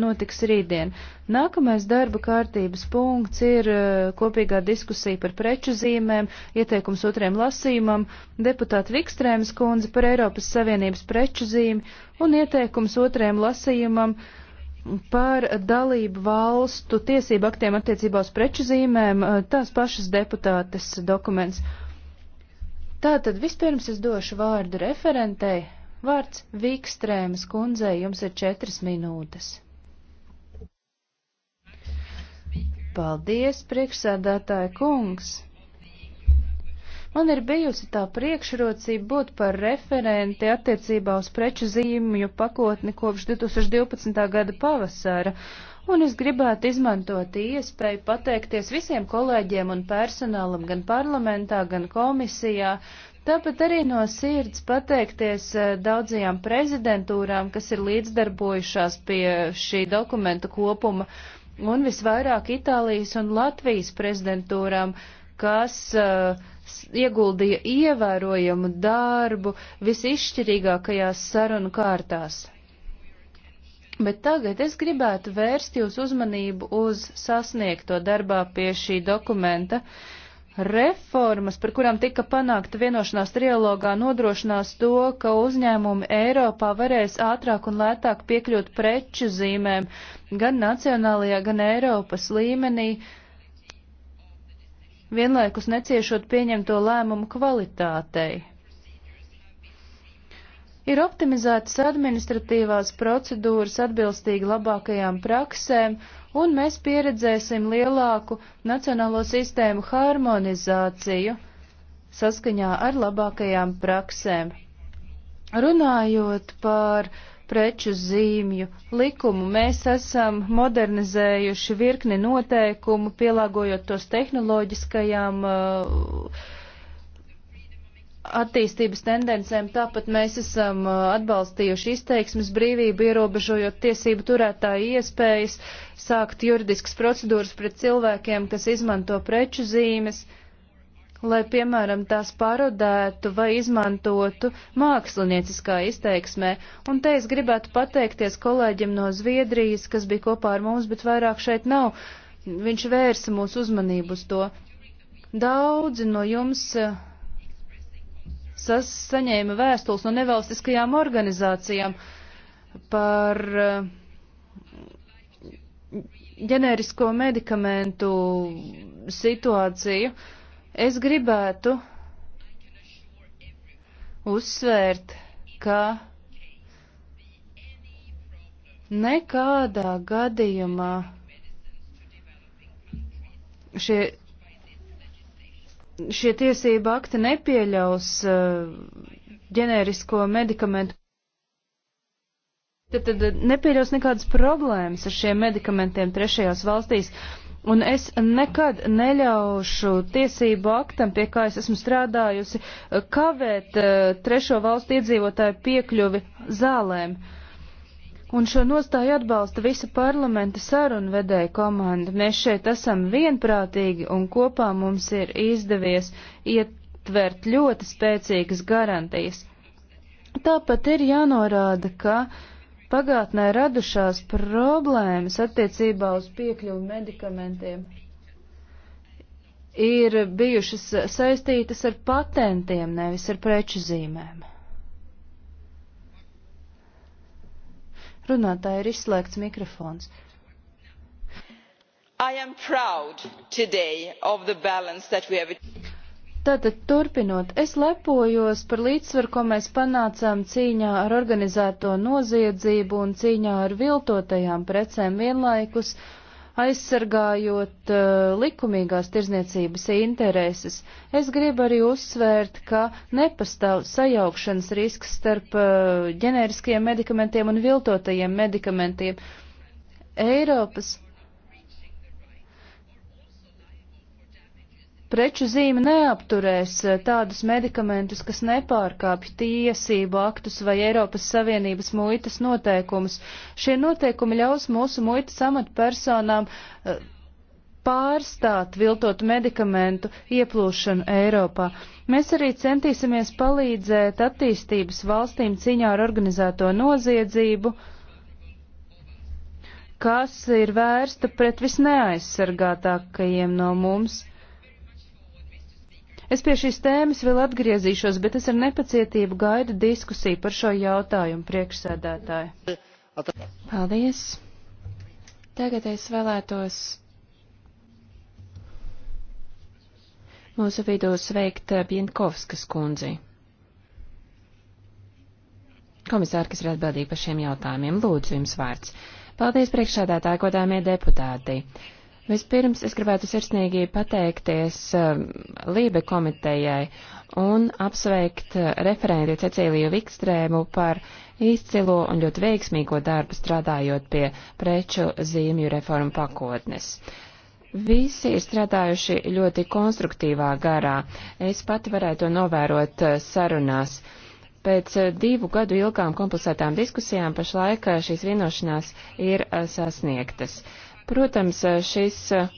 notiks rītdien. Nākamais darba kārtības punkts ir eh, kopīgā diskusija par preču zīmēm, ieteikums otriem lasījumam, deputāta Vikstrēmas kundze par Eiropas Savienības preču zīmi un ieteikums otriem lasījumam par dalību valstu tiesību aktiem attiecībā uz preču zīmēm eh, tās pašas deputātes dokuments. Tātad vispirms es došu vārdu referentei. Vārds Vikstrēmas kundzei jums ir četras minūtes. Paldies, priekšsēdētāja kungs! Man ir bijusi tā priekšrocība būt par referenti attiecībā uz preču zīmju pakotni kopš 2012. gada pavasara, un es gribētu izmantot iespēju pateikties visiem kolēģiem un personālam gan parlamentā, gan komisijā, tāpat arī no sirds pateikties eh, daudzajām prezidentūrām, kas ir līdzdarbojušās pie šī dokumentu kopuma. Uh, un visvairāk Itālijas un Latvijas prezidentūrām, kas uh, ieguldīja ievērojamu darbu visizšķirīgākajās sarunu kārtās. Bet tagad es gribētu vērst jūs uzmanību uz sasniegto darbā pie šī dokumenta. Uh, Reformas, par kurām tika panākta vienošanās trialogā, nodrošinās to, ka uzņēmumi Eiropā varēs ātrāk un lētāk piekļūt preču zīmēm gan nacionālajā, gan Eiropas līmenī, vienlaikus neciešot pieņemto lēmumu kvalitātei. Ir optimizētas administratīvās procedūras atbilstīgi labākajām praksēm, un mēs pieredzēsim lielāku nacionālo sistēmu harmonizāciju saskaņā ar labākajām praksēm. Runājot par preču zīmju likumu, mēs esam modernizējuši virkni noteikumu, pielāgojot tos tehnoloģiskajām uh, attīstības tendencēm, tāpat mēs esam uh, atbalstījuši izteiksmes brīvību, ierobežojot tiesību turētāju iespējas sākt juridiskas procedūras pret cilvēkiem, kas izmanto preču zīmes, lai, piemēram, tās parodētu vai izmantotu mākslinieciskā izteiksmē. Un te es gribētu pateikties kolēģim no Zviedrijas, kas bija kopā ar mums, bet vairāk šeit nav. Viņš vērsa mūsu uzmanību uz to. Daudzi no jums uh, es saņēmu vēstules no nevalstiskajām organizācijām par eh, ģenerisko medikamentu situāciju. Es gribētu uzsvērt, ka nekādā gadījumā šie šie tiesība akti nepieļaus uh, ģenērisko medikamentu. Tad, tad nepieļaus nekādas problēmas ar šiem medikamentiem trešajās valstīs. Un es nekad neļaušu tiesību aktam, pie kā es esmu strādājusi, kavēt uh, trešo valstu iedzīvotāju piekļuvi zālēm. Uh, Un šo nostāju atbalsta visa parlamenta sarunvedēja komanda. Mēs šeit esam vienprātīgi un kopā mums ir izdevies ietvert ļoti spēcīgas garantijas. Tāpat ir jānorāda, ka pagātnē radušās problēmas attiecībā uz piekļuvu medikamentiem ir bijušas saistītas ar patentiem, nevis ar preču zīmēm. Runātāji ir izslēgts mikrofons. Have... Tātad turpinot, es lepojos par līdzsvaru, ko mēs panācām cīņā ar organizēto noziedzību un cīņā ar viltotajām precēm vienlaikus aizsargājot uh, likumīgās tirzniecības intereses. Es gribu arī uzsvērt, ka nepastāv sajaukšanas risks starp uh, ģenēriskiem medikamentiem un viltotajiem medikamentiem. Eiropas Preču zīme neapturēs eh, tādus medikamentus, kas nepārkāpj tiesību aktus vai Eiropas Savienības muitas noteikumus. Šie noteikumi ļaus mūsu muitas amatpersonām eh, pārstāt viltotu medikamentu ieplūšanu Eiropā. Mēs arī centīsimies palīdzēt attīstības valstīm ciņā ar organizēto noziedzību kas ir vērsta pret visneaizsargātākajiem no mums. Es pie šīs tēmas vēl atgriezīšos, bet es ar nepacietību gaidu diskusiju par šo jautājumu priekšsēdētāju. Paldies. Tagad es vēlētos mūsu vidū sveikt Bienkovskas kundzi. Komisāri, kas ir atbildīgi par šiem jautājumiem, lūdzu jums vārds. Paldies priekšsēdētāji, godāmie deputāti. Vispirms es gribētu sirsnīgi pateikties um, Lībe komitejai un apsveikt uh, referenti Cecīliju Vikstrēmu par izcilo un ļoti veiksmīgo darbu strādājot pie preču zīmju reformu pakotnes. Visi ir strādājuši ļoti konstruktīvā garā. Es pati varētu to novērot uh, sarunās. Pēc uh, divu gadu ilgām komplicētām diskusijām pašlaik šīs vienošanās ir sasniegtas. Uh, Protams, eh, šis eh,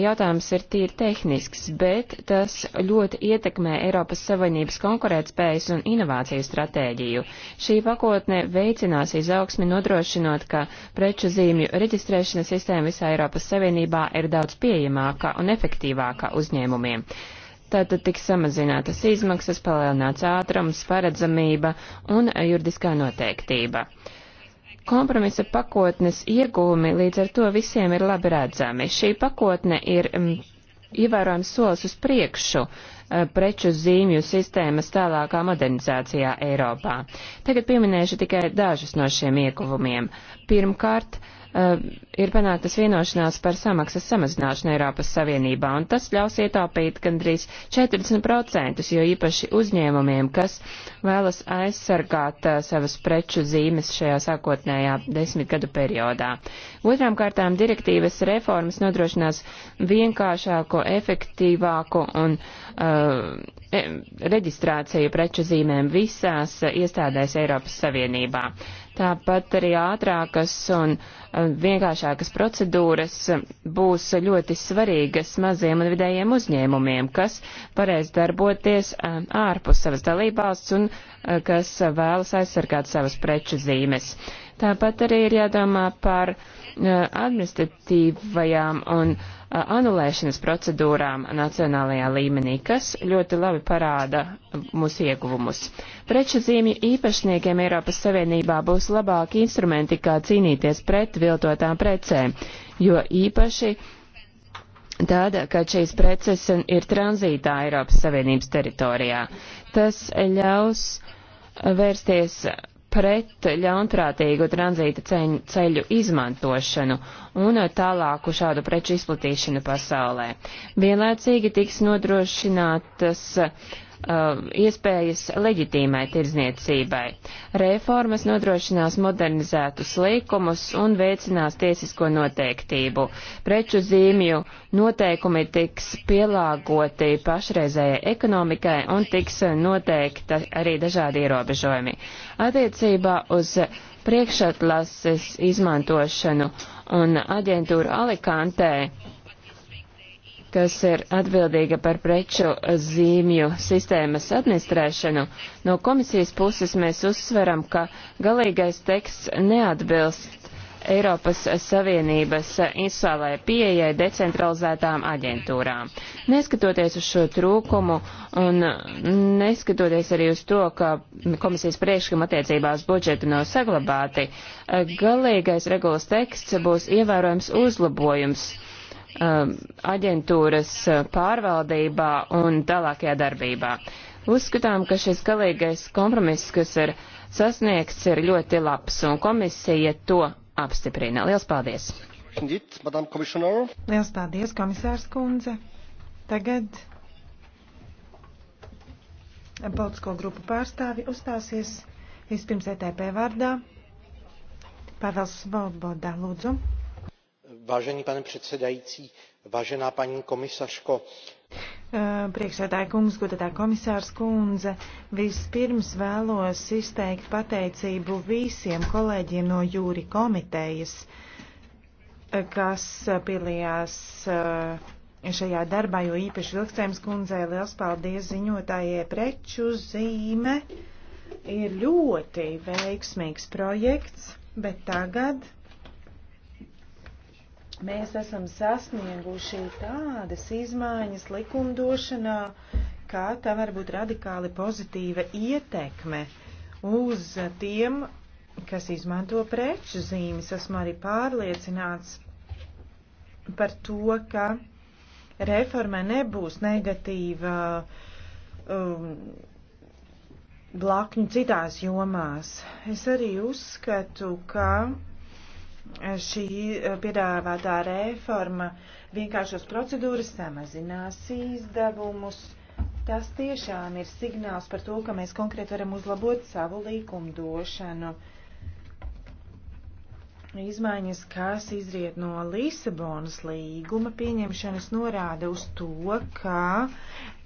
jautājums ir tīri tehnisks, bet tas ļoti ietekmē Eiropas Savienības konkurētspējas un inovāciju stratēģiju. Šī pakotne veicinās izaugsmi nodrošinot, ka preču zīmju reģistrēšanas sistēma visā Eiropas Savienībā ir daudz pieejamāka un efektīvāka uzņēmumiem. Tātad tiks samazinātas izmaksas, palielināts ātrums, paredzamība un eh, juridiskā noteiktība. Uh, kompromisa pakotnes iegūmi līdz ar to visiem ir labi redzami. Šī pakotne ir um, ievērojams solis uz priekšu eh, preču zīmju sistēmas tālākā modernizācijā Eiropā. Tagad pieminēšu tikai dažus no šiem ieguvumiem. Pirmkārt, uh, Eh, ir panāktas vienošanās par samaksas samazināšanu Eiropas Savienībā, un tas ļaus ietaupīt gandrīz 40%, jo īpaši uzņēmumiem, kas vēlas aizsargāt uh, savas preču zīmes šajā sākotnējā desmitgadu periodā. Otrām kārtām direktīvas reformas nodrošinās vienkāršāko, efektīvāku un uh, reģistrāciju preču zīmēm visās iestādēs Eiropas Savienībā. Tāpat arī ātrākas un eh, vienkāršākas procedūras būs ļoti svarīgas maziem un vidējiem uzņēmumiem, kas varēs darboties eh, ārpus savas dalībvalsts un eh, kas vēlas aizsargāt savas preču zīmes. Tāpat arī ir jādomā par administratīvajām un uh, anulēšanas procedūrām nacionālajā līmenī, kas ļoti labi parāda mūsu ieguvumus. Preču zīmju īpašniekiem Eiropas Savienībā būs labāki instrumenti, kā cīnīties pret viltotām precēm, jo īpaši tāda, ka šīs preces ir tranzītā Eiropas Savienības teritorijā. Tas ļaus vērsties pret ļaunprātīgu tranzīta ceļu, ceļu izmantošanu un tālāku šādu preču izplatīšanu pasaulē. Vienlaicīgi tiks nodrošinātas uh, Uh, iespējas leģitīmai tirdzniecībai. Reformas nodrošinās modernizētus līkumus un veicinās tiesisko noteiktību. Preču zīmju noteikumi tiks pielāgoti pašreizējai ekonomikai un tiks noteikta arī dažādi ierobežojumi. Attiecībā uz priekšatlases izmantošanu un aģentūru Alikantē kas ir atbildīga par preču zīmju sistēmas administrēšanu, no komisijas puses mēs uzsveram, ka galīgais teksts neatbilst Eiropas Savienības insuālajai pieejai decentralizētām aģentūrām. Neskatoties uz šo trūkumu un neskatoties arī uz to, ka komisijas priekšlikuma attiecībās budžeti nav saglabāti, galīgais regulas teksts būs ievērojams uzlabojums Um, aģentūras uh, pārvaldībā un tālākajā darbībā. Uzskatām, ka šis galīgais kompromiss, kas ir sasniegts, ir ļoti labs, un komisija to apstiprina. Lielas paldies! Lielas paldies, komisārs kundze! Tagad politisko grupu pārstāvi uzstāsies vispirms ETP vārdā. Pavels Svoboda, lūdzu pane předsedající vážená paní komisařko eh, priekšsēdētāja kungs godātā komisārs kundze vispirms vēlos izteikt pateicību visiem kolēģiem no jūri komitejas eh, kas piedalījās eh, šajā darbā jo īpaši vilkstēms kundzei liels paldies ziņotājai preču zīme ir ļoti veiksmīgs projekts bet tagad mēs esam sasnieguši tādas izmaiņas likumdošanā, kā tā var būt radikāli pozitīva ietekme uz tiem, kas izmanto preču zīmes. Esmu arī pārliecināts par to, ka reformai nebūs negatīva um, blakņu citās jomās. Es arī uzskatu, ka šī eh, piedāvātā reforma vienkāršos procedūras samazinās izdevumus. Tas tiešām ir signāls par to, ka mēs konkrēti varam uzlabot savu likumdošanu. došanu Izmaiņas, kas izriet no Lisabonas līguma pieņemšanas, norāda uz to, ka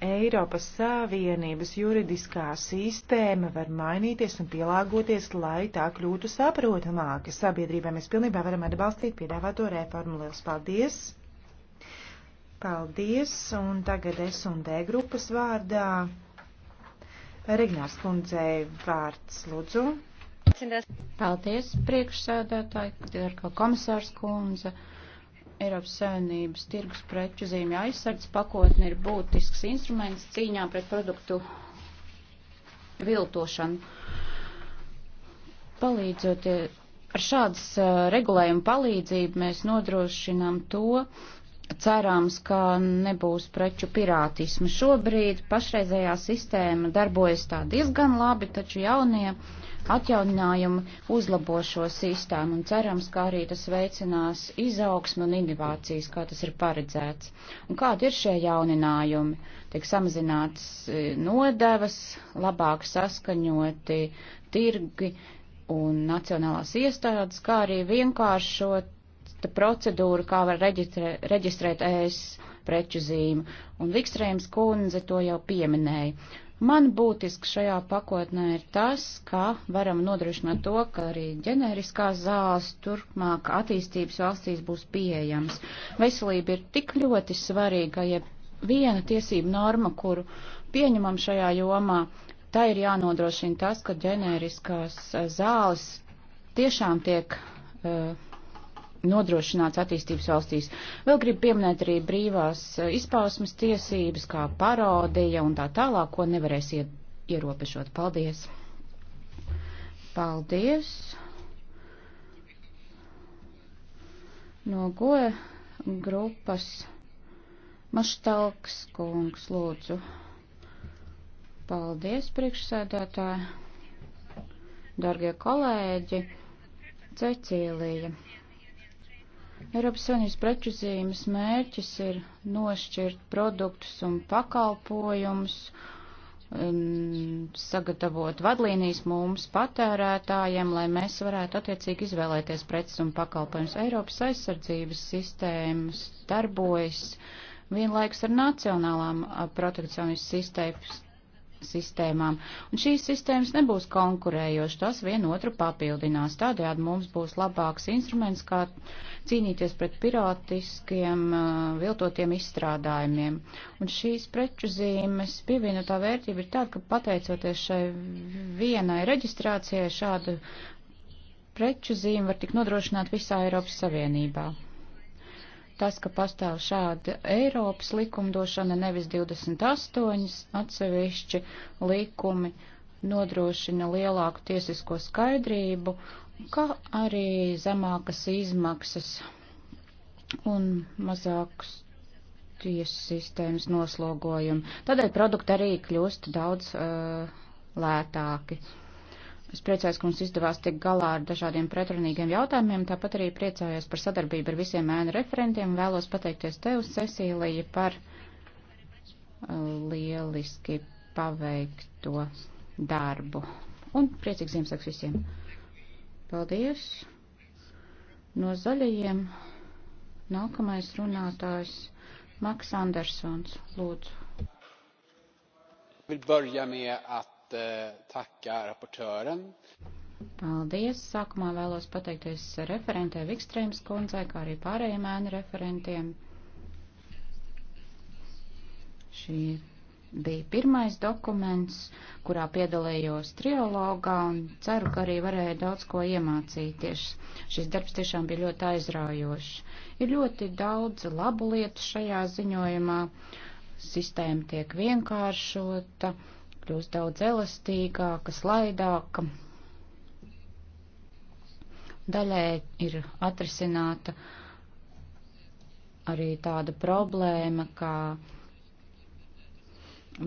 Eiropas Savienības juridiskā sistēma var mainīties un pielāgoties, lai tā kļūtu saprotamāka sabiedrībai. Mēs pilnībā varam atbalstīt piedāvāto reformu. Lielas paldies! Paldies! Un tagad es un D grupas vārdā. Regnārs kundzei vārds lūdzu. Paldies, priekšsēdētāji, Dirko komisārs kundze. Eiropas Savienības tirgus preču zīmju aizsardzes pakotne ir būtisks instruments cīņā pret produktu viltošanu. Palīdzot ar šādas regulējuma palīdzību, mēs nodrošinām to, cerams, ka nebūs preču pirātismu. Šobrīd pašreizējā sistēma darbojas tā diezgan labi, taču jaunie atjauninājumu uzlabo šo sistēmu un cerams, ka arī tas veicinās izaugsmu un inovācijas, kā tas ir paredzēts. Un kādi ir šie jauninājumi? Tiek samazināts e, nodevas, labāk saskaņoti tirgi un nacionālās iestādes, kā arī vienkāršot procedūru, kā var reģistrē, reģistrēt ēs preču zīmu. Un Vikstrēms kundze to jau pieminēja Man būtiski šajā pakotnē ir tas, ka varam nodrošināt to, ka arī ģeneriskās zāles turpmāk attīstības valstīs būs pieejams. Veselība ir tik ļoti svarīga, ja viena tiesība norma, kuru pieņemam šajā jomā, tā ir jānodrošina tas, ka ģeneriskās zāles tiešām tiek uh, nodrošināts attīstības valstīs. Vēl gribu pieminēt arī brīvās e, izpausmes tiesības, kā parodija un tā tālāk, ko nevarēs ierobežot. Paldies! Paldies! No goja grupas Maštalks kungs lūdzu. Paldies, priekšsēdētāji! Dargie kolēģi! Cecīlija! Eiropas Savienības prečuzīmes mērķis ir nošķirt produktus un pakalpojumus, sagatavot vadlīnijas mums patērētājiem, lai mēs varētu attiecīgi izvēlēties preces un pakalpojumus. Eiropas aizsardzības sistēmas darbojas vienlaiks ar nacionālām protekcionistu sistēmas sistēmām, un šīs sistēmas nebūs konkurējoši, tas vien otru papildinās. Tādējādi mums būs labāks instruments, kā cīnīties pret pirātiskiem viltotiem izstrādājumiem. Un šīs preču zīmes pievienotā vērtība ir tāda, ka pateicoties šai vienai reģistrācijai šādu preču zīmi var tik nodrošināt visā Eiropas Savienībā tas, ka pastāv šāda Eiropas likumdošana, nevis 28 atsevišķi likumi, nodrošina lielāku tiesisko skaidrību, kā arī zemākas izmaksas un mazākus tiesu sistēmas noslogojumu. Tādēļ produkti arī kļūst daudz uh, lētāki. Es priecājos, ka mums izdevās tikt galā ar dažādiem pretrunīgiem jautājumiem, tāpat arī priecājos par sadarbību ar visiem ēnu referentiem. Vēlos pateikties tev, Cecīlija, par uh, lieliski paveikto darbu. Un priecīgs Ziemassvētku visiem. Paldies. No zaļajiem nākamais runātājs Maks Andersons. Lūdzu. Eh, tacka rapportören. Paldies! Sākumā vēlos pateikties referentē Vikstrēms kundzei, kā arī pārējiem ēnu referentiem. Šī bija pirmais dokuments, kurā piedalījos triologā un ceru, ka arī varēju daudz ko iemācīties. Šis darbs tiešām bija ļoti aizraujošs. Ir ļoti daudz labu lietu šajā ziņojumā. Sistēma tiek vienkāršota kļūst daudz elastīgāka, slaidāka. Daļai ir atrisināta arī tāda problēma, kā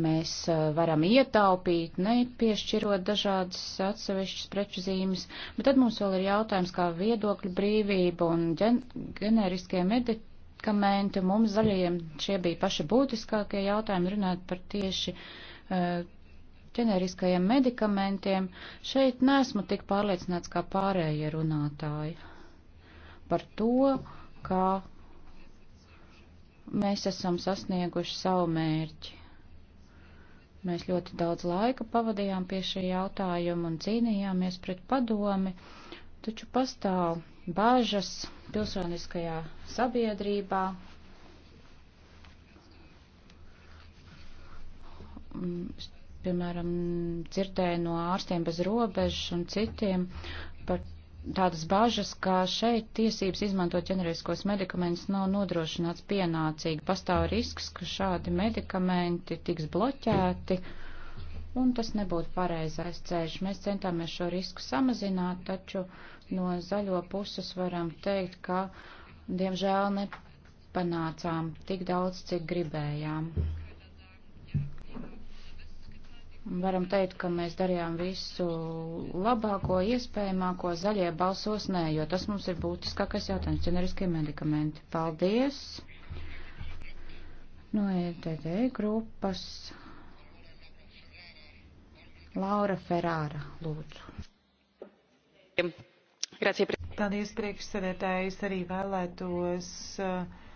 mēs uh, varam ietaupīt, nepiešķirot dažādas atsevišķas preču zīmes, bet tad mums vēl ir jautājums, kā viedokļu brīvība un gen generiskie medikamenti. Mums zaļajiem šie bija paši būtiskākie jautājumi runāt par tieši uh, ģeneriskajiem medikamentiem, šeit nesmu tik pārliecināts kā pārējie runātāji par to, kā mēs esam sasnieguši savu mērķi. Mēs ļoti daudz laika pavadījām pie šī jautājuma un cīnījāmies pret padomi, taču pastāv bāžas pilsoniskajā sabiedrībā. Un piemēram, dzirdēju no ārstiem bez robežas un citiem par tādas bažas, ka šeit tiesības izmantot ģeneriskos medikamentus nav nodrošināts pienācīgi. Pastāv risks, ka šādi medikamenti tiks bloķēti, un tas nebūtu pareizais ceļš. Mēs centāmies šo risku samazināt, taču no zaļo puses varam teikt, ka diemžēl nepanācām tik daudz, cik gribējām. Varam teikt, ka mēs darījām visu labāko, iespējamāko, zaļie balsos nē, jo tas mums ir būtiskākais jautājums - ģeneriskie medikamenti. Paldies! No ETD grupas Laura Ferrāra, lūdzu. Paldies, priekšsēdētāji, es arī vēlētos. Uh,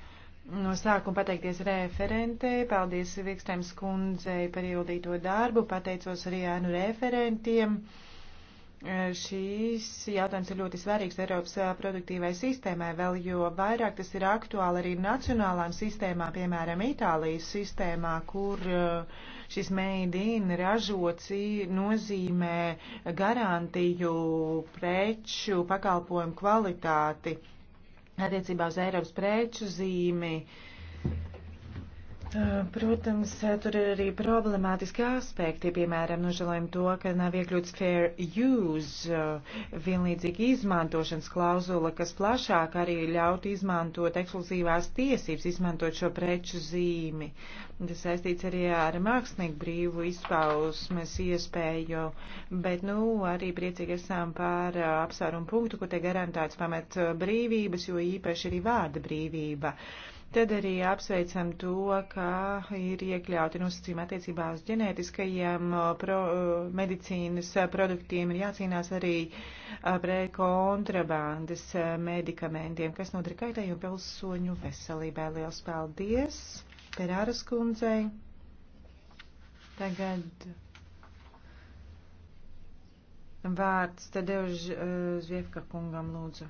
No sākuma pateikties referentei, paldies Vikstēms kundzei par ieguldīto darbu, pateicos arī ēnu referentiem. E, šīs jautājums ir ļoti svarīgs Eiropas e, produktīvai sistēmai, vēl jo vairāk tas ir aktuāli arī nacionālām sistēmām, piemēram, Itālijas sistēmā, kur e, šis made in ražots nozīmē garantiju preču pakalpojumu kvalitāti attiecībā uz Eiropas preču zīmi. Uh, Eh, protams, eh, tur ir arī problemātiski aspekti, piemēram, nožēlojam to, ka nav iekļūts fair use, eh, vienlīdzīgi izmantošanas klauzula, kas plašāk arī ļaut izmantot ekskluzīvās tiesības, izmantot šo preču zīmi. Tas saistīts arī ar mākslinieku brīvu izpausmes iespēju, bet, nu, arī priecīgi esam par apsvērumu punktu, kur te garantēts pamat brīvības, jo īpaši arī vārda brīvība. Uh, Tad arī apsveicam to, ka ir iekļauti nosacījumi attiecībā uz ģenētiskajiem uh, pro, uh, medicīnas produktiem, ir jācīnās arī uh, pret kontrabandas medikamentiem, kas nodara kaitējumu pilsoņu veselībai. Liels paldies Perāras kundzei. Tagad vārds Tadeuž Zviefka kungam lūdzu.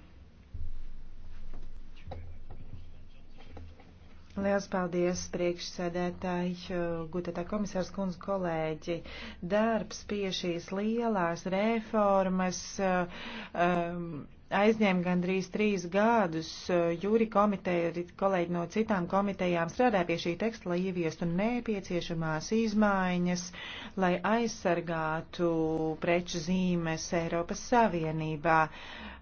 Liels paldies, priekšsēdētāji, uh, gudatā komisārs kundze kolēģi. Darbs pie šīs lielās reformas uh, um, aizņem gandrīz trīs gadus. Uh, jūri komiteja, kolēģi no citām komitejām strādā pie šī teksta, lai ieviestu nepieciešamās izmaiņas, lai aizsargātu preču zīmes Eiropas Savienībā. Uh,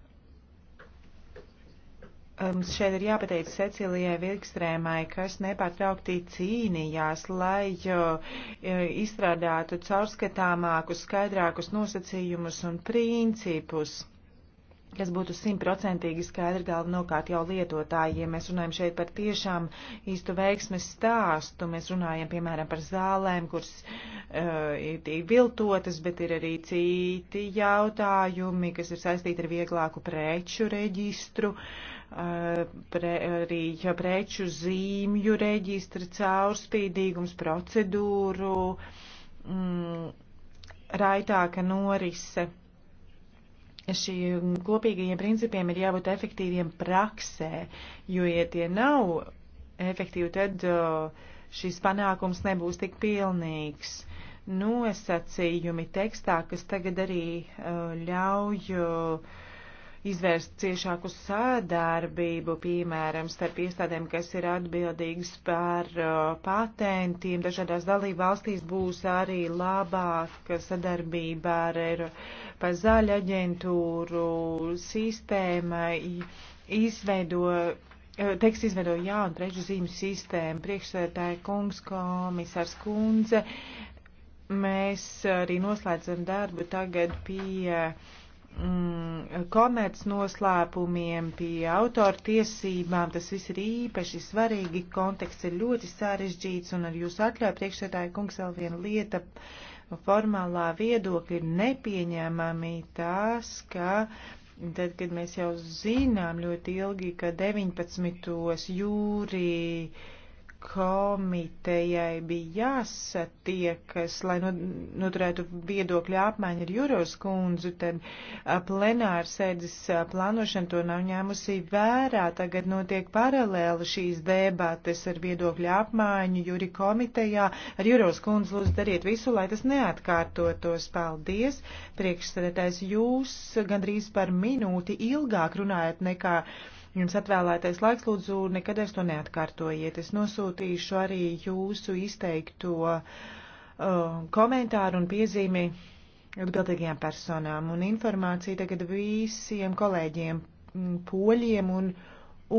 Mums šeit ir jāpateik Cecilijai Vilkstrēmai, kas nepārtraukti cīnījās, lai e, izstrādātu caurskatāmākus, skaidrākus nosacījumus un principus kas būtu simtprocentīgi skaidri galvenokārt jau lietotājiem. Mēs runājam šeit par tiešām īstu veiksmes stāstu. Mēs runājam, piemēram, par zālēm, kuras uh, ir viltotas, bet ir arī citi jautājumi, kas ir saistīti ar vieglāku preču reģistru. Uh, pre, arī preču zīmju reģistra caurspīdīgums procedūru, mm, raitāka norise. Šiem kopīgajiem principiem ir jābūt efektīviem praksē, jo, ja tie nav efektīvi, tad šis panākums nebūs tik pilnīgs. Nosacījumi tekstā, kas tagad arī ļauj uh, izvērst ciešāku sadarbību, piemēram, starp iestādēm, kas ir atbildīgas par uh, patentiem. Dažādās dalību valstīs būs arī labāka sadarbība ar Eiropa zaļa aģentūru sistēma, izveido, uh, teiks, izveido jaunu preču zīmju sistēmu, priekšsētāja kungs, komisārs kundze. Mēs arī noslēdzam darbu tagad pie uh, mm, komerc noslēpumiem, pie autortiesībām. Tas viss ir īpaši svarīgi. Konteksts ir ļoti sarežģīts un ar jūsu atļauju priekšsēdāju kungs vēl viena lieta. Formālā viedokļa ir nepieņēmami tas, ka tad, kad mēs jau zinām ļoti ilgi, ka 19. jūrī komitejai bija jāsatiekas, lai nu, noturētu viedokļu apmaiņu ar Juros kundzu, tad plenāra sēdzis plānošana to nav ņēmusi vērā. Tagad notiek paralēli šīs debates ar viedokļu apmaiņu Juri komitejā. Ar Juros kundzu lūdzu dariet visu, lai tas neatkārtotos. Paldies! Priekšsēdētājs jūs gandrīz par minūti ilgāk runājat nekā. Jums atvēlētais laiks, lūdzu, nekad es to neatkārtojiet. Es nosūtīšu arī jūsu izteikto uh, komentāru un piezīmi atbildīgajām personām un informāciju tagad visiem kolēģiem, poļiem un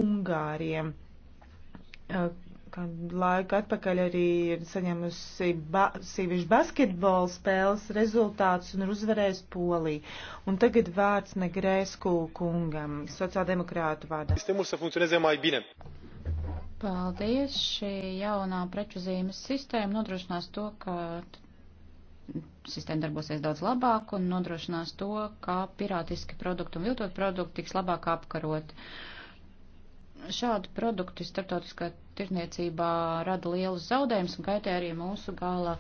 ungāriem. Uh, kādu laiku atpakaļ arī ir saņēmusi ba sīvišu basketbola spēles rezultātus un ir uzvarējis Poliju. Un tagad vārds Negrēsku kungam, sociāldemokrātu vārdā. Paldies! Šī jaunā preču zīmes sistēma nodrošinās to, ka sistēma darbosies daudz labāk un nodrošinās to, ka pirātiski produkti un viltot produkti tiks labāk apkaroti. Šādi produkti starptautiskā tirniecībā rada lielus zaudējumus un kaitē arī mūsu gala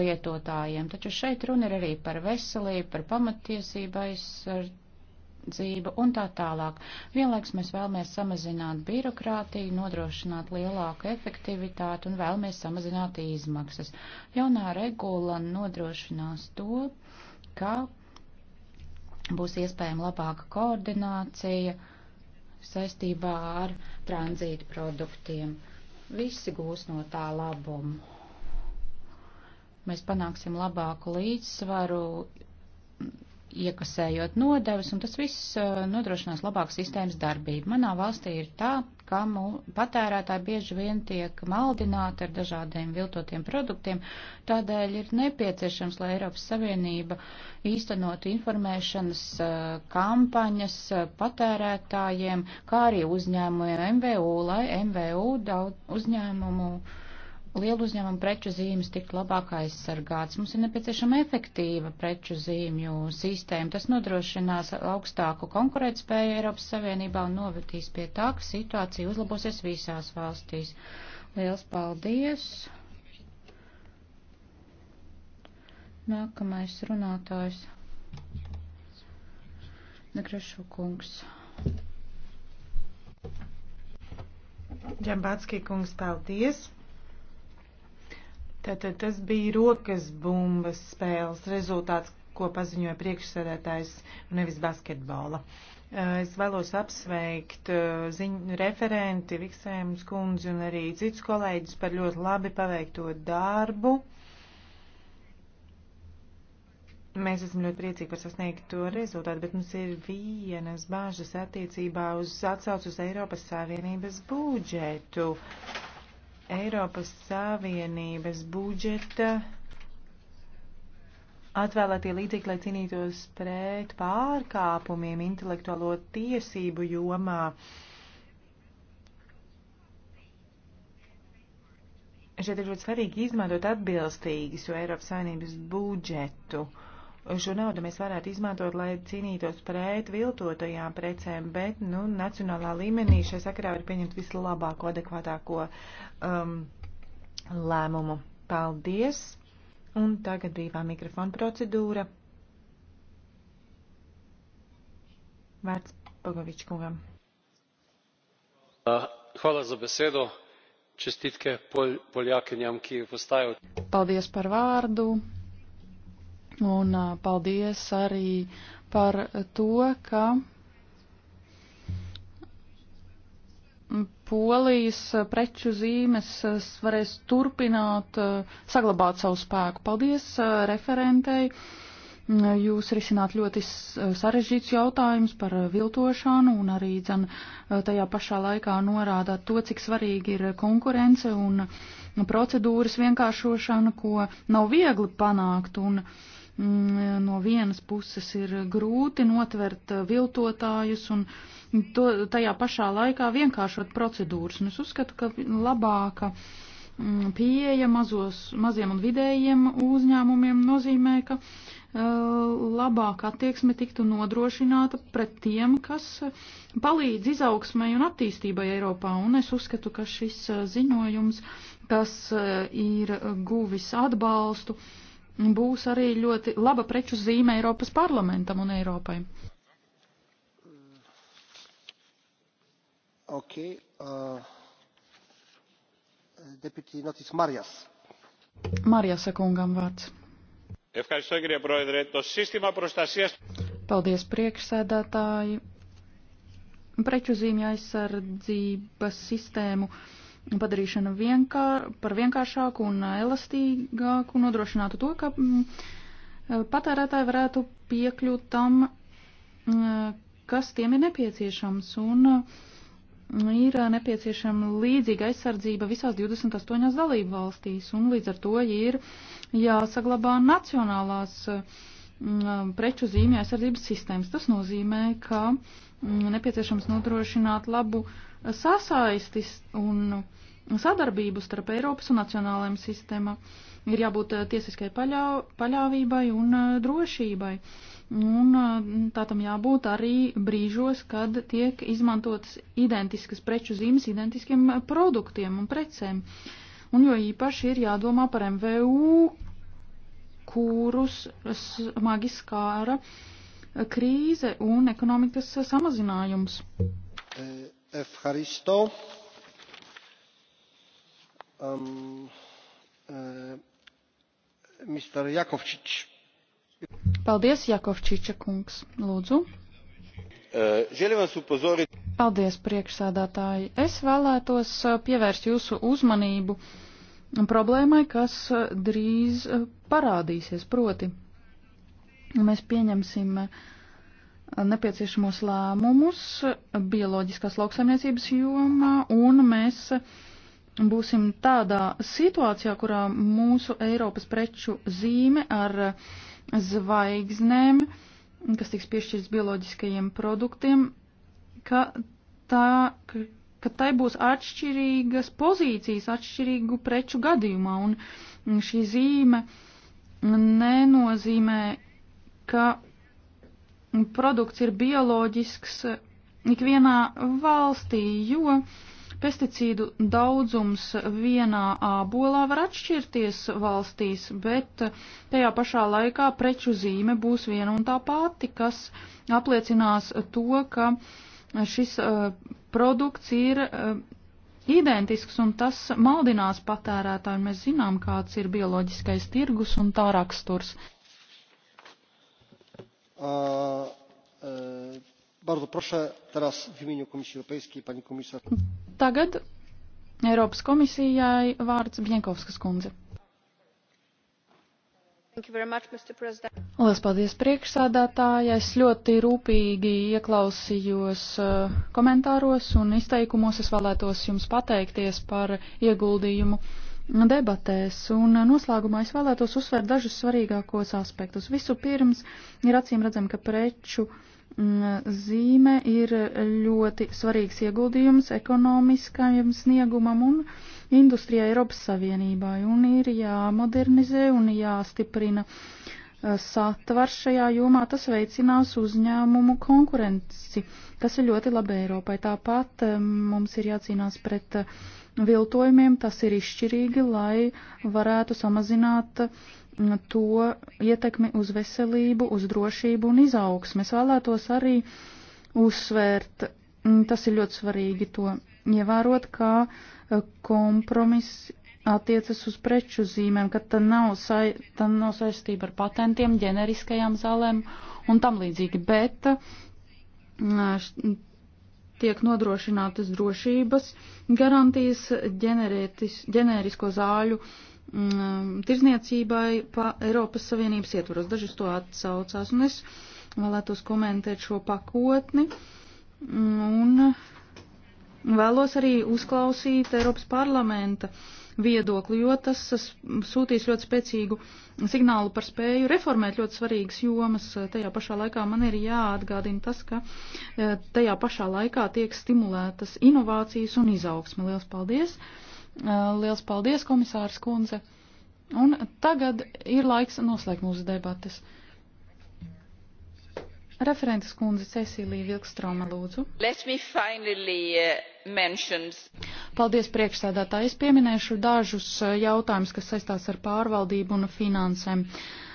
lietotājiem. Taču šeit runa ir arī par veselību, par pamatiesību aizsardzību un tā tālāk. Vienlaiks mēs vēlamies samazināt birokrātiju, nodrošināt lielāku efektivitāti un vēlamies samazināt izmaksas. Jaunā regula nodrošinās to, ka būs iespējama labāka koordinācija saistībā ar tranzītu produktiem. Visi gūs no tā labumu. Mēs panāksim labāku līdzsvaru iekasējot nodevas, un tas viss uh, nodrošinās labāku sistēmas darbību. Manā valstī ir tā, ka patērētāji bieži vien tiek maldināti ar dažādiem viltotiem produktiem, tādēļ ir nepieciešams, lai Eiropas Savienība īstenotu informēšanas uh, kampaņas uh, patērētājiem, kā arī uzņēmumiem MVU, lai MVU daudz uzņēmumu lielu uzņēmumu preču zīmes tiktu labāk aizsargāts. Mums ir nepieciešama efektīva preču zīmju sistēma. Tas nodrošinās augstāku konkurētspēju Eiropas Savienībā un novetīs pie tā, ka situācija uzlabosies visās valstīs. Liels paldies! Nākamais runātājs. Negrešu kungs. Džambātskī kungs, paldies! Tātad tas bija rokas bumbas spēles rezultāts, ko paziņoja priekšsēdētājs, nevis basketbola. Eh, es vēlos apsveikt eh, ziņu referenti Viksēmas kundzi un arī citus kolēģus par ļoti labi paveikto darbu. Mēs esam ļoti priecīgi par sasniegto rezultātu, bet mums ir vienas bāžas attiecībā uz atsaucu uz Eiropas Savienības budžetu. Uh, Eiropas Savienības budžeta atvēlētie līdzekļi, lai cīnītos pret pārkāpumiem intelektuālo tiesību jomā. Šeit ir ļoti svarīgi izmantot atbilstīgas, jo Eiropas Savienības budžetu uh, šo naudu mēs varētu izmantot, lai cīnītos pret viltotajām precēm, bet, nu, nacionālā līmenī šai sakarā var pieņemt vislabāko, adekvātāko um, lēmumu. Paldies! Un tagad brīvā mikrofona procedūra. Vārds Bogovič kungam. Uh, hvala za besedo. Čestitke Poljakinjam, ki postajo. Paldies par vārdu. Un paldies arī par to, ka polijas preču zīmes varēs turpināt saglabāt savu spēku. Paldies referentei. Jūs risināt ļoti sarežģīts jautājums par viltošanu un arī dzen, tajā pašā laikā norādāt to, cik svarīgi ir konkurence un procedūras vienkāršošana, ko nav viegli panākt. Un, uh, Mm, no vienas puses ir grūti notvert eh, viltotājus un to, tajā pašā laikā vienkāršot procedūras. Un es uzskatu, ka labāka mm, pieeja mazos, maziem un vidējiem uzņēmumiem nozīmē, ka eh, labāka attieksme tiktu nodrošināta pret tiem, kas eh, palīdz izaugsmai un attīstībai Eiropā. Un es uzskatu, ka šis ziņojums, kas ir guvis atbalstu, uh, būs arī ļoti laba preču zīme Eiropas parlamentam un Eiropai. Okay, uh, deputy Notis Marijas. Marijas kungam vārds. Paldies priekšsēdētāji. Preču zīmju aizsardzības sistēmu uh, padarīšanu vienkār, par vienkāršāku un elastīgāku nodrošinātu to, ka mm, eh, patērētāji varētu piekļūt tam, eh, kas tiem ir nepieciešams, un mm, ir eh, nepieciešama līdzīga aizsardzība visās 28 dalību valstīs, un līdz ar to ir jāsaglabā nacionālās mm, preču zīmju aizsardzības sistēmas. Tas nozīmē, ka uh, Mm, nepieciešams nodrošināt labu sasaistis un sadarbību starp Eiropas un nacionālajiem sistēmām. Ir jābūt eh, tiesiskai paļau, paļāvībai un eh, drošībai. Un eh, tā tam jābūt arī brīžos, kad tiek izmantotas identiskas preču zīmes identiskiem produktiem un precēm. Un jo īpaši ir jādomā par MVU, kurus smagi skāra uh, krīze un ekonomikas samazinājums. Efharisto. Eh, um, uh, eh, Mr. Jakovčič. Paldies, Jakovčiča kungs. Lūdzu. Eh, Paldies, priekšsēdātāji. Es vēlētos pievērst jūsu uzmanību problēmai, kas drīz parādīsies proti. Nu, mēs pieņemsim eh, nepieciešamos lēmumus bioloģiskās lauksaimniecības jomā, un mēs būsim tādā situācijā, kurā mūsu Eiropas preču zīme ar zvaigznēm, kas tiks piešķirts bioloģiskajiem produktiem, ka tā, ka tai būs atšķirīgas pozīcijas atšķirīgu preču gadījumā, un šī zīme nenozīmē ka produkts ir bioloģisks ikvienā valstī, jo pesticīdu daudzums vienā ābolā var atšķirties valstīs, bet tajā pašā laikā preču zīme būs viena un tā pati, kas apliecinās to, ka šis uh, produkts ir uh, identisks un tas maldinās patērētāju. Mēs zinām, kāds ir bioloģiskais tirgus un tā raksturs. E, e, Tagad Eiropas komisijai vārds Bņenkovskas kundze. Lielas paldies priekšsādātāji. Es ļoti rūpīgi ieklausījos e, komentāros un izteikumos. Es vēlētos jums pateikties par ieguldījumu debatēs, un noslēgumā es vēlētos uzsvērt dažus svarīgākos aspektus. Vispirms ir acīm redzam, ka preču mm, zīme ir ļoti svarīgs ieguldījums ekonomiskajam sniegumam un industrijai Eiropas Savienībā, un ir jāmodernizē un jāstiprina eh, satvars šajā jomā, tas veicinās uzņēmumu konkurenci, kas ir ļoti labi Eiropai. Tāpat eh, mums ir jācīnās pret eh, viltojumiem. Tas ir izšķirīgi, lai varētu samazināt mm, to ietekmi uz veselību, uz drošību un izaugsmu. Es vēlētos arī uzsvērt, mm, tas ir ļoti svarīgi to ievērot, kā e, kompromiss attiecas uz preču zīmēm, ka tā nav, sai, tā nav saistība ar patentiem, ģeneriskajām zālēm un tam līdzīgi, bet mm, tiek nodrošinātas drošības garantijas ģenērisko zāļu mm, tirzniecībai pa Eiropas Savienības ietvaros. Dažas to atsaucās, un es vēlētos komentēt šo pakotni. Mm, un vēlos arī uzklausīt Eiropas parlamenta viedokli, jo tas sūtīs ļoti spēcīgu signālu par spēju reformēt ļoti svarīgas jomas. Tajā pašā laikā man ir jāatgādina tas, ka e, tajā pašā laikā tiek stimulētas inovācijas un izaugsme. Liels paldies! E, liels paldies, komisārs Kunze! Un tagad ir laiks noslēgt mūsu debatas. Referentes kundze Cecīlija Vilkstroma lūdzu. Uh, Paldies priekšsēdētāji. Es pieminēšu dažus uh, jautājumus, kas saistās ar pārvaldību un finansēm.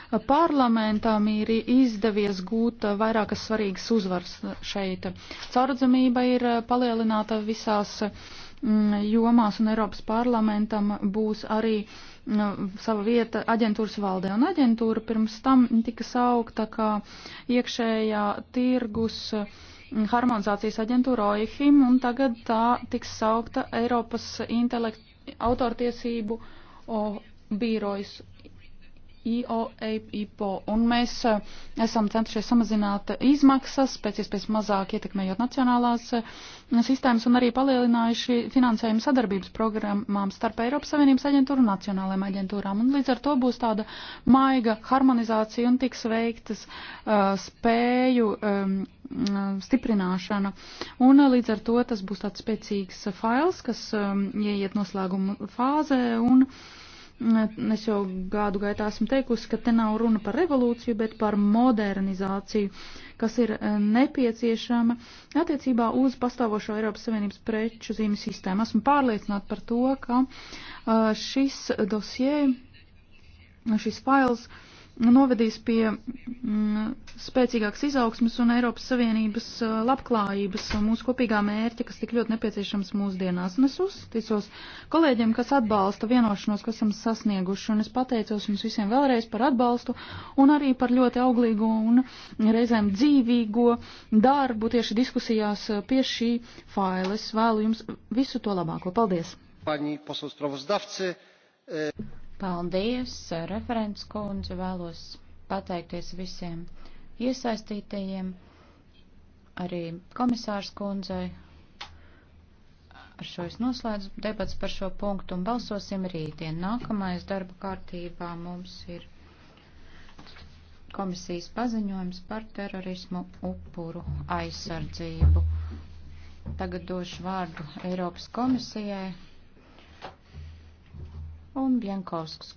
Uh, Parlamentām ir izdevies gūt vairākas svarīgas uzvaras šeit. Caurdzamība ir palielināta visās uh, Mm, jomās, un Eiropas parlamentam būs arī mm, sava vieta aģentūras valdē. Un aģentūra pirms tam tika saukta kā iekšējā tirgus mm, harmonizācijas aģentūra OIHIM, e un tagad tā tiks saukta Eiropas intelekt, autortiesību o, bīrojas. IOEIPO, e, un mēs e, esam centušies samazināt izmaksas, pēc iespējas mazāk ietekmējot nacionālās e, sistēmas, un arī palielinājuši finansējumu sadarbības programmām starp Eiropas Savienības aģentūru un nacionālajām aģentūrām, un līdz ar to būs tāda maiga harmonizācija un tiks veiktas uh, spēju um, stiprināšana. Un līdz ar to tas būs tāds spēcīgs fails, kas um, ieiet noslēguma fāzē un uh, Es jau gādu gaitā esmu teikusi, ka te nav runa par revolūciju, bet par modernizāciju, kas ir eh, nepieciešama attiecībā uz pastāvošo Eiropas Savienības preču zīmju sistēmu. Esmu pārliecināta par to, ka eh, šis dosie, šis fails, uh, novedīs pie mm, spēcīgākas izaugsmas un Eiropas Savienības labklājības un mūsu kopīgā mērķa, kas tik ļoti nepieciešams mūsdienās. Un es uzticos kolēģiem, kas atbalsta vienošanos, kas esam sasnieguši, un es pateicos jums visiem vēlreiz par atbalstu un arī par ļoti auglīgo un reizēm dzīvīgo darbu tieši diskusijās pie šī faila. Es vēlu jums visu to labāko. Paldies! Pani poseł sprawozdawcy. E... Paldies, eh, referents kundze, vēlos pateikties visiem iesaistītajiem, arī komisārs kundzei. Ar šo es noslēdzu debats par šo punktu un balsosim rītdien. Nākamais darba kārtībā mums ir komisijas paziņojums par terorismu upuru aizsardzību. Tagad došu vārdu Eiropas komisijai un Vienkovsks.